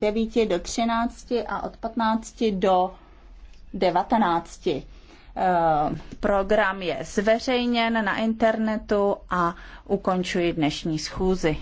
9 do 13 a od 15 do 19. Eh, program je zveřejněn na internetu a ukončuji dnešní schůzi.